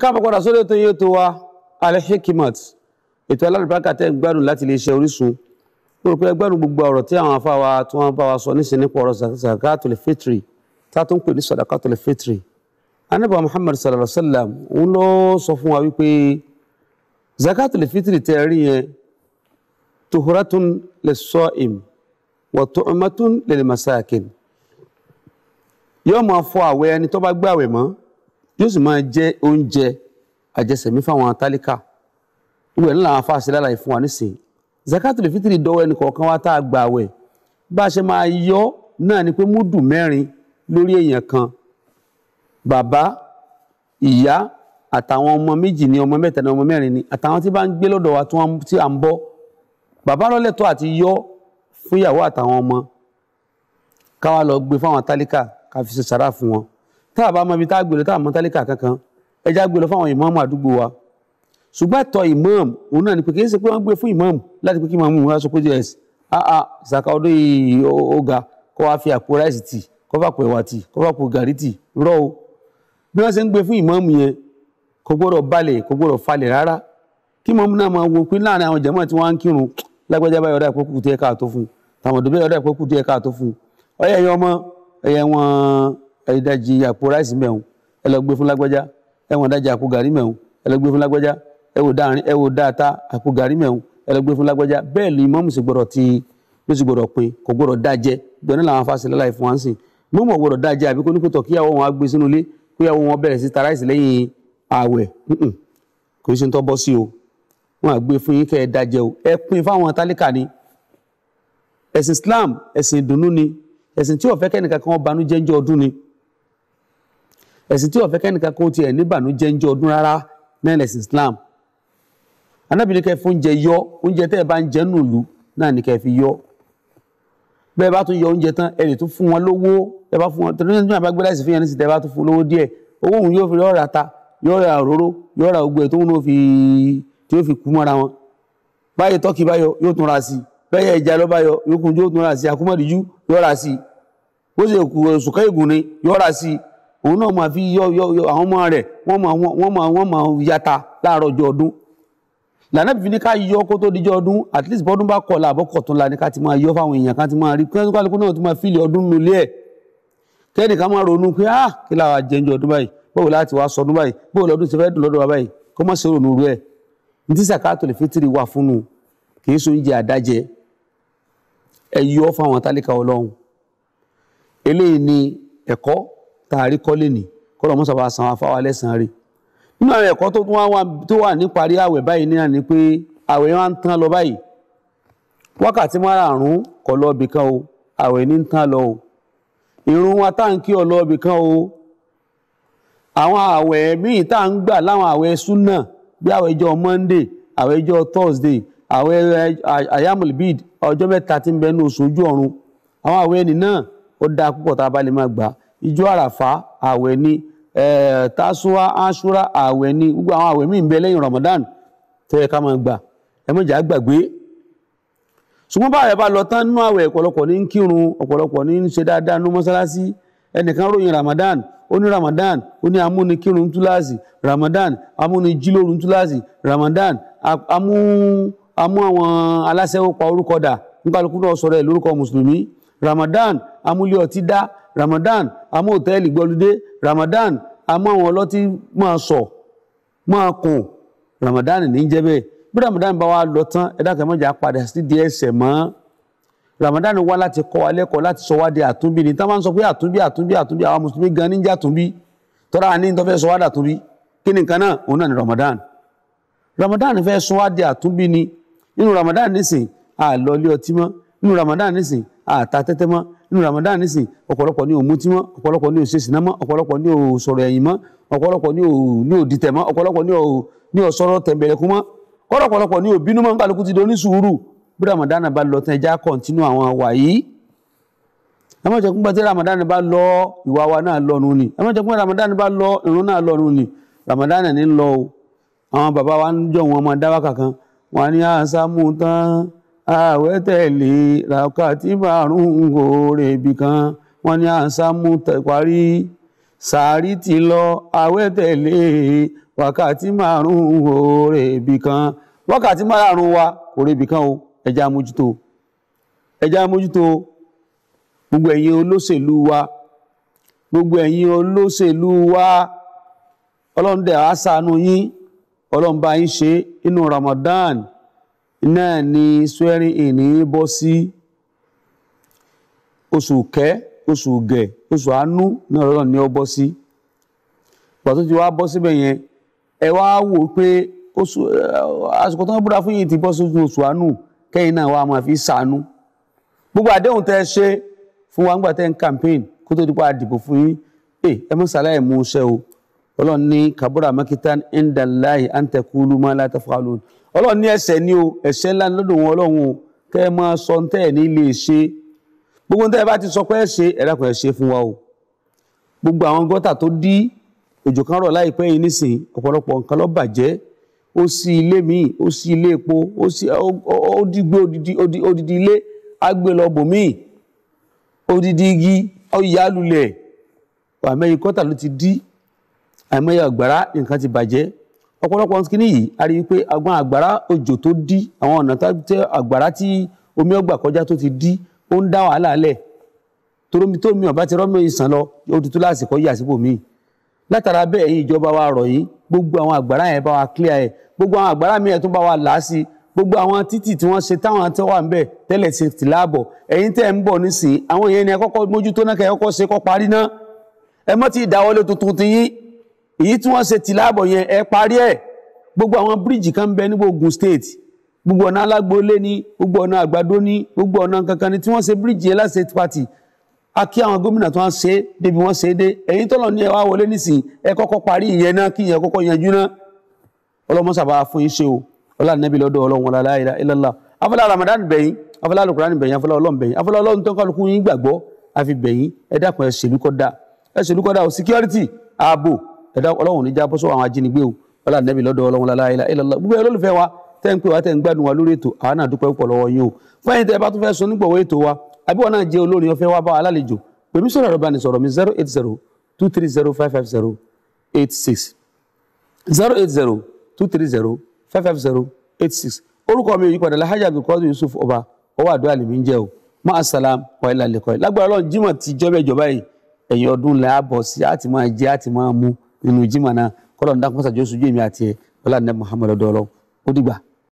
káàbọ̀ padà sórí ètò yìí tó wa Al-Hikmat ètò alárùbákà tẹ́ ń gbádùn láti lè ṣe Orísun mo rò pé ẹgbẹ́rún gbogbo ọ̀rọ̀ tí àwọn afá wa tí wọ́n bá wa sọ níṣẹ́ nípa ọ̀rọ̀ zakatul fitri tá a tún pè ní sadakatul fitri Ànábì Muhammad sallallahu alaihi wa sallam òun ló sọ fún wa wípé zakatul fitri tẹ́ rí yẹn tuhuratun lis-sa'im wa tu'matun lil-masakin yóò máa fọ àwẹ̀ ẹni tó bá gbàwẹ̀ mọ́ yóò sì máa jẹ́ oúnjẹ àjẹsẹ̀mí fáwọn tálíkà ìwẹ̀ ńlá àwọn afáàṣẹ lálàyé fún wa nísìnyí zakatul fitiri dọ́wọ́ ẹnì kọ̀ọ̀kan wa tá a gbà wẹ̀ bá a ṣe máa yọ náà ni pé múdù mẹ́rin lórí èèyàn kan bàbá ìyá àtàwọn ọmọ méjì ni ọmọ mẹ́ta ni ọmọ mẹ́rin ni àtàwọn tí bá ń gbé lọ́dọ̀ wa tí à ń bọ́ bàbá lọ́lẹ́tọ̀ àti yọ fún ìyàwó àtàwọn ọmọ káwa lọ gbé fáwọn tálíkà ká fi fún wọn tá a bá mọ ibi tá a gbé lọ tá a mọ tálíkà kankan ẹja gbé fáwọn ìmáàmù àdúgbò wa ṣùgbọ́n ẹ̀tọ́ ìmáàmù òun náà ni pé kì í ṣe pé wọ́n gbé fún ìmáàmù láti pé kí ìmáàmù wọn aṣọ kójú ẹ̀sì àà ìsàkà ọdún yìí ọ̀gá kó wá fi àpò ráìsì tì kó fà pò ẹ̀wà tì kó fà pò gàrí tì rọ́ o bí wọ́n ṣe ń gbé fún ìmáàmù yẹn kò gbọ́dọ̀ ìdajì àpò ráìsì mẹ́hùn ẹ lọ gbé fún lágbájá ẹ̀wọ̀n ìdajì àpò gàrí mẹ́hùn ẹ lọ gbé fún lágbájá ẹ̀wò dáàrin ẹ̀wò dáàta àpò gàrí mẹ́hùn ẹ lọ gbé fún lágbájá bẹ́ẹ̀ ni mọ́mù sì gbọ́dọ̀ ti ló sì gbọ́dọ̀ pin kò gbọ́dọ̀ dájẹ́ gbẹ́ni làwọn afásilẹ̀ láì fún wa ń sìn mọ́mù ọ̀gbọ́dọ̀ dájẹ́ àbí kó ní kó tọ̀ kíyàwó wọn á gbé sínú ilé kíyàwó ni ẹ̀sìn Islam ẹ̀sìn ìdùnnú ni ẹ̀sìn tí ó fẹ́ kẹ́nìkan kan wọn banújẹ́ ń jẹ́ ọdún ni ẹ̀sìn tí ó fẹ́ kẹ́nìkan kó tiẹ̀ níbànújẹ́ ń jẹ ọdún rárá náà Islam anábìrin kẹ́ fún oúnjẹ yọ oúnjẹ tẹ́ ẹ bá ń jẹ nùlù náà ní kẹ́ fi yọ bẹ́ẹ̀ bá tún yọ oúnjẹ tán ẹ lè tún fún wọn lówó ẹ bá fún wọn tẹ̀lé ní àbá gbé láìsí fún yẹn ní sìtẹ́ bá tún fún lówó díẹ̀ owó òun yóò fi yọ ra ata yọ ra òróró yọ ra ogun ẹ̀ tó ń fi tí yóò fi kú mọ́ra wọn báyìí tọ́kì báyọ̀ yóò tún ra sí i bẹ́ẹ̀ ẹja ló báyọ̀ yóò kún yóò tún ra sí i akúmọ̀dìjú yọ ra sí i ó sì kù sùkọ́ ìgùn ni yọ ra sí i òun náà máa fi yọ yọ yọ àwọn ọmọ rẹ̀ wọ́n máa wọ́n máa wọ́n máa yata láàárọ̀ ọjọ́ ọdún lànà bí ní ká yọ kó tó dijọ́ ọdún at least bọ́dún bá kọ̀ làbọ̀ kọ̀ tún la ní ká ti máa yọ fáwọn èèyàn ká ti máa rí kálukú náà ti máa fílì ọdún nulẹ̀ ẹ̀ kẹ́ni ká máa ronú pé ah kí la wà jẹ́njọ́ ọdún báyìí báwo láti wá sọdún báyìí báwo lọ́dún ti fẹ́ dùn lọ́dún báyìí kó má ṣe ronú rẹ̀ tá a rí kọ́lé ní kọ́lọ̀ mọ́sà bá san afáwa lẹ́sàn-án rí nínú àwọn ẹ̀kọ́ tó wà tó wà àwẹ̀ báyìí náà ni pé àwẹ̀ máa ń tán lọ báyìí wákàtí márààrún kọ̀ lọ ibì kan o àwẹ̀ ní ń tán lọ o ìrun wa tá à ń kí ọ lọ ibì kan o àwọn àwẹ̀ míì tá ń gbà láwọn àwẹ̀ súnà bí àwẹ̀ ọjọ́ Monday àwẹ̀ ọjọ́ Thursday àwẹ̀ ayamulbid ọjọ́ mẹ́ta tí ń bẹ ní oṣù ojú ọ̀run àwọn àwẹ̀ ẹni náà ó dáa púpọ̀ tá a bá lè máa gbà á ìjọ àràfà àwẹ̀ ni tasuwa asura àwẹ̀ ni gbogbo àwọn àwẹ̀ míì ń bẹ lẹ́yìn Ramadan tó yẹ ká máa gbà ẹ mọ̀jà gbàgbé ṣùgbọ́n báyẹ̀ bá lọ tán nínú àwẹ̀ ọ̀pọ̀lọpọ̀ ní kírun ọ̀pọ̀lọpọ̀ ní ṣe dáadáa ní mọ́sálásí ẹnìkan ròyìn Ramadan ó ní Ramadan ó ní amúni kírun túláàsì Ramadan amúni jílórun túláàsì Ramadan amú amú àwọn aláṣẹ́wó pa orúkọ dà nípa lókùnrin ọ̀sọ̀rọ̀ ẹ̀ lórúkọ mùsùlùmí Ramadan amúlé ọtí dá Ramadan àmọ́ òtẹ́ẹ̀lì gbọ́lúdé Ramadan àmọ́ àwọn ọlọ́tí máa sọ máa kùn Ramadan ní jẹ́ bẹ́ẹ̀ bí Ramadan bá wa lọ tán ẹ dákẹ́ mọ́jà padà sí di ẹsẹ̀ mọ́ Ramadan wá láti kọ́ wa lẹ́kọ̀ọ́ láti sọ wá di àtúnbí ni tá máa ń sọ pé àtúnbí àtúnbí àtúnbí àwọn mùsùlùmí gan níjà àtúnbí tọ́ra ní tó fẹ́ sọ wá di àtúnbí kí ni nǹkan náà òun náà ni Ramadan Ramadan fẹ́ sọ wá di àtúnbí ni nínú Ramadan nísìn àlọ́lé ọtí mọ́ nínú Ramadan nísìn àta tẹ́tẹ́ mọ́ nínú Ramadan nísìn ọ̀pọ̀lọpọ̀ ni ò mutí mọ́ ọ̀pọ̀lọpọ̀ ni ò ṣe sìnà mọ́ ọ̀pọ̀lọpọ̀ ni ò sọ̀rọ̀ ẹ̀yìn mọ́ ọ̀pọ̀lọpọ̀ ni ò ní ò dìtẹ̀ mọ́ ọ̀pọ̀lọpọ̀ ni ò ní ò sọ̀rọ̀ tẹ̀m̀bẹ̀lẹ̀kú mọ́ kọ́lọ̀pọ̀lọpọ̀ ni ò bínú mọ́ nígbàlùkù ti doni sùúrù bí Ramadan bá lọ tán ẹja kọ̀ntínú àwọn àwà yìí ẹ má jẹ́ kúńgbà tí Ramadan bá lọ ìwà wa náà lọ́nu ni ẹ má jẹ́ kúńgbà Ramadan bá lọ ìrun náà lọ́nu ni Ramadan ní lọ o àwọn bàbá wa ń jọ wọn ọmọ dáwà kankan wọn á ní àṣà mú tán ààwẹ̀ tẹ̀lé ràkàtí márùn-ún òòrè ibì kan àṣàmú sàárì ti lọ ààwẹ̀ tẹ̀lé wákàtí márùn-ún òòrè ibì kan wákàtí márùn wa ibì kan o ẹja mójútó ẹja mójútó gbogbo ẹ̀yin olóṣèlú wa gbogbo ẹ̀yin olóṣèlú wa ọlọ́run dẹ̀ á yín yín ṣe inú Ramadan náà ni swearing in ní bọ́ sí oṣù kẹ́ oṣù gẹ̀ oṣù àánú náà lọ́dọ̀ ni ó bọ́ sí ìgbà tó ti wá bọ́ síbẹ̀ yẹn ẹ wá wò pé oṣù eh, àsìkò tó ń búra fún yìí ti bọ́ sójú oṣù àánú kẹ́yìn náà wàá máa fi ṣàánú gbogbo àdéhùn tẹ́ ṣe fún wa nígbà tẹ́ campaign kó tó dípò àdìbò fún yín eh, ẹ ẹ mọ̀ sàlàyé mú iṣẹ́ o ọlọ́run ní kàbúrà mẹ́kítà ń dàn ọlọ́run ní ẹ̀ṣẹ̀ ni o ẹ̀ṣẹ̀ ńlá lọ́dọ̀ wọn ọlọ́run o kẹ́ ẹ máa sọ tẹ́ ẹ̀ ní lè ṣe gbogbo tẹ́ ẹ bá ti sọ pé ẹ ṣe ẹ dákun ẹ ṣe fún wa o gbogbo àwọn gọ́tà tó dí òjò kan rọ̀ láìpẹ́ yìí nísìn ọ̀pọ̀lọpọ̀ nǹkan ló bàjẹ́ ó sí ilé míì ó sí ilé epo ó sí ó dìgbé odidi ilé agbélọ́bù míì odidi igi ọ̀yà lulẹ̀ àmẹ́yìn gọ́tà ló ti dí àmẹ́yìn àgbàrá nǹkan ti bàjẹ́ ọ̀pọ̀lọpọ̀ nkíní yìí a rí i pé agbọn àgbàrá òjò tó dí àwọn ọ̀nà tí àgbàrá tí omi ọgbà kọjá tó ti dí ó ń dá wàhálà lẹ̀ toromi tó mi ọ̀bá ti rọ́mọ ìsàn lọ ó ti tó lásìkò yí àsìkò mi látara bẹ́ẹ̀ yìí ìjọba wa rọ̀ yìí gbogbo àwọn àgbàrá yẹn bá wa clear ẹ̀ gbogbo àwọn àgbàrá mi yẹn tó bá wa là á sí gbogbo àwọn títì tí wọ́n ṣe táwọn tó wà ń bẹ̀ tẹ́lẹ̀ ṣe ti láàbọ̀ ẹ̀yin tẹ́ ń bọ̀ nísìnyí àwọn èèyàn ni ẹ kọ́kọ́ mójútó náà kẹ́ ẹ kọ́kọ́ ṣe kọ́ parí náà ẹ mọ́ ti ìdáwọ́lé tuntun ti yín èyí tí wọ́n ṣe tìlábọ̀ yẹn ẹ parí ẹ̀ gbogbo àwọn bíríìjì kan ń bẹ ní Ògùn state gbogbo ọ̀nà alágbólé ní gbogbo ọ̀nà àgbàdo ní gbogbo ọ̀nà kankan ni tí wọ́n ṣe bíríìjì yẹn láti state party a kí àwọn gómìnà tó wọ́n ṣe é débi wọ́n ṣe é dé ẹ̀yin tọ́lọ̀ ní ẹ wá wọlé nísìnyí ẹ kọ́kọ́ parí ìyẹn náà kí ìyẹn kọ́kọ́ yanjú náà ọlọ́mọ sábà fún yín ṣe o ọlá nẹ́bí lọ́dọ̀ ọlọ́run la ilaha illallah afọlá ramadan bẹ̀yìn afọlá alukurani bẹ̀yìn afọlá ọlọ́run bẹ̀yìn afọlá ọlọ́run tó ń kálukú yín gbàgbọ́ àfi bẹ̀yìn ẹ dákun ẹ ṣèlú kọ́ da ẹ ṣèlú kọ́ da o security ààbò ẹ̀dá ọlọ́run ní jábọ́ sọ́wọ́ àwọn ajínigbé o ọlá nẹ́bí lọ́dọ̀ ọlọ́run lálá ilá ilá gbogbo ẹ lólùfẹ́ wa tẹ́ ń pè wá tẹ́ ń gbádùn wa lórí ètò àwa náà dúpẹ́ púpọ̀ lọ́wọ́ yín o fẹ́yìn tẹ́ bá tún fẹ́ sọ nígbọ̀wọ́ ètò wa àbí wọn náà jẹ́ olórin ọ̀fẹ́ wa bá wa lálejò pèmí sọ̀rọ̀ ẹ̀rọ bani sọ̀rọ̀ mi zero eight zero two three zero five five zero eight six zero eight zero two three zero five five zero eight six orúkọ mi òyìnbó adala hajj abdulkadir yusuf ọba ọwọ́ àdúrà lèmi ń jẹ́ o máa salam wa ilà lẹ́kọ̀ọ́ lágbára ọlọ́run jimoh ti jọ́bẹ̀jọba yìí ẹ̀yìn ọdún làá bọ̀ sí àti máa jẹ àti inú jimá náà kọ́lọ̀ ń dákúnmọ́sàjọ́sọ ojú èmi àti ẹ̀ wọlé àná Muhammadu dọ́lọ́ ó dìgbà